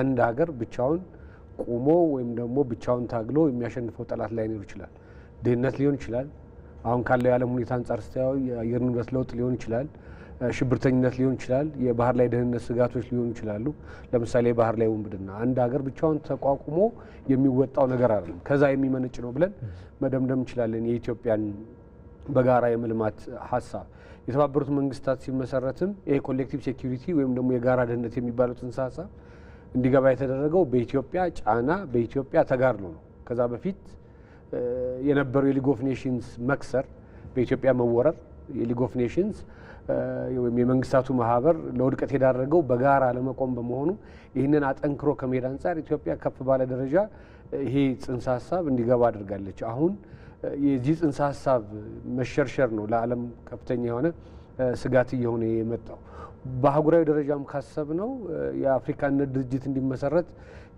አንድ ሀገር ብቻውን ቁሞ ወይም ደግሞ ብቻውን ታግሎ የሚያሸንፈው ጠላት ላይኖር ይችላል። ድህነት ሊሆን ይችላል። አሁን ካለው የዓለም ሁኔታ አንጻር ስታየው የአየር ንብረት ለውጥ ሊሆን ይችላል። ሽብርተኝነት ሊሆን ይችላል። የባህር ላይ ደህንነት ስጋቶች ሊሆኑ ይችላሉ። ለምሳሌ የባህር ላይ ውንብድና አንድ ሀገር ብቻውን ተቋቁሞ የሚወጣው ነገር አይደለም። ከዛ የሚመነጭ ነው ብለን መደምደም እንችላለን። የኢትዮጵያን በጋራ የመልማት ሀሳብ የተባበሩት መንግስታት ሲመሰረትም ይሄ ኮሌክቲቭ ሴኪሪቲ ወይም ደግሞ የጋራ ደህንነት የሚባለው ጽንሰ ሀሳብ እንዲገባ የተደረገው በኢትዮጵያ ጫና በኢትዮጵያ ተጋድሎ ነው። ከዛ በፊት የነበረው የሊግ ኦፍ ኔሽንስ መክሰር፣ በኢትዮጵያ መወረር የሊግ ኦፍ ኔሽንስ ወይም የመንግስታቱ ማህበር ለውድቀት የዳረገው በጋራ ለመቆም በመሆኑ ይህንን አጠንክሮ ከመሄድ አንጻር ኢትዮጵያ ከፍ ባለ ደረጃ ይሄ ጽንሰ ሀሳብ እንዲገባ አድርጋለች። አሁን የዚህ ጽንሰ ሀሳብ መሸርሸር ነው ለዓለም ከፍተኛ የሆነ ስጋት እየሆነ የመጣው። በአህጉራዊ ደረጃም ካሰብ ነው የአፍሪካ ድርጅት እንዲመሰረት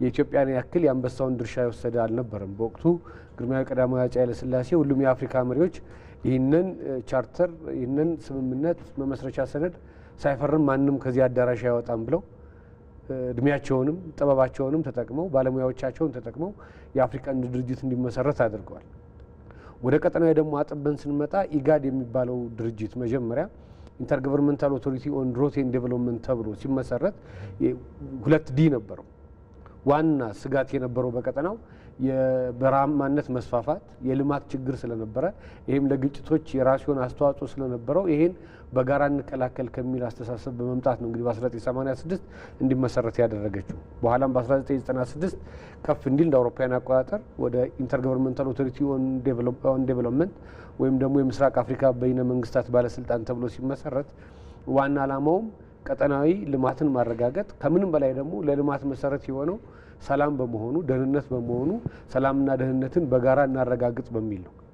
የኢትዮጵያን ያክል የአንበሳውን ድርሻ የወሰደ አልነበረም። በወቅቱ ግርማዊ ቀዳማዊ አፄ ኃይለሥላሴ ሁሉም የአፍሪካ መሪዎች ይህንን ቻርተር ይህንን ስምምነት መመስረቻ ሰነድ ሳይፈርም ማንም ከዚህ አዳራሽ አይወጣም ብለው እድሜያቸውንም ጥበባቸውንም ተጠቅመው ባለሙያዎቻቸውን ተጠቅመው የአፍሪካ ድርጅት እንዲመሰረት አድርገዋል። ወደ ቀጠናዊ ደግሞ አጥበን ስንመጣ ኢጋድ የሚባለው ድርጅት መጀመሪያ ኢንተርገቨርንመንታል ኦቶሪቲ ኦን ሮቴን ዴቨሎፕመንት ተብሎ ሲመሰረት ሁለት ዲ ነበረው ዋና ስጋት የነበረው በቀጠናው የበረሃማነት መስፋፋት፣ የልማት ችግር ስለነበረ ይህም ለግጭቶች የሆነ አስተዋጽኦ ስለነበረው ይህን በጋራ እንከላከል ከሚል አስተሳሰብ በመምጣት ነው እንግዲህ በ1986 እንዲመሰረት ያደረገችው። በኋላም በ1996 ከፍ እንዲል እንደ አውሮፓውያን አቆጣጠር ወደ ኢንተርገቨርንመንታል ኦቶሪቲ ኦን ዴቨሎፕመንት ወይም ደግሞ የምስራቅ አፍሪካ በይነ መንግስታት ባለስልጣን ተብሎ ሲመሰረት ዋና ዓላማውም ቀጠናዊ ልማትን ማረጋገጥ ከምንም በላይ ደግሞ ለልማት መሰረት የሆነው ሰላም በመሆኑ ደህንነት በመሆኑ ሰላምና ደህንነትን በጋራ እናረጋግጥ በሚል ነው።